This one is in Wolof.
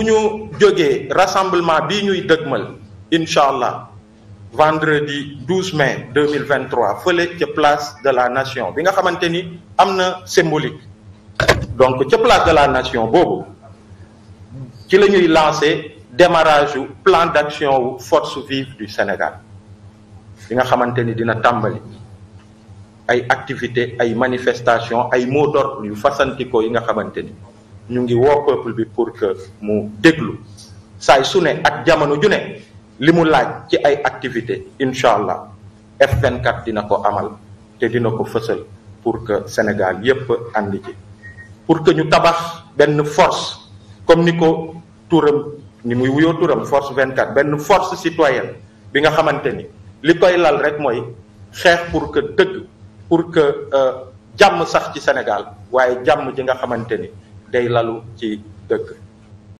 bu ñu jógee rassemblement bii ñuy dëgmal incha allah vendredi 12 mai 2023 fële ca place de la nation bi nga xamante ni am na symbolique donc ca place de la nation boobu ci la ñuy lancer démarrage wu plan d'action wu force vive du Sénégal bi nga xamante ni dina tàmbali ay activités ay manifestation ay mots yu fasantiko yi nga xamante ni. ñu ngi woo peuple bi pour que mu déglu saay su ne ak jamono ju ne li mu laaj ci ay activité incha allah F24 dina ko amal te dina ko fësal pour que Sénégal yépp àndi ci pour que ñu tabax benn force comme ni ko turam ni muy wuyoo turam force 24 benn force citoyenne bi nga xamante ni li koy lal rek mooy xeex pour que dëgg pour que euh, jàmm sax ci Sénégal waaye jàmm ji nga xamante ni day lalu ci dëgg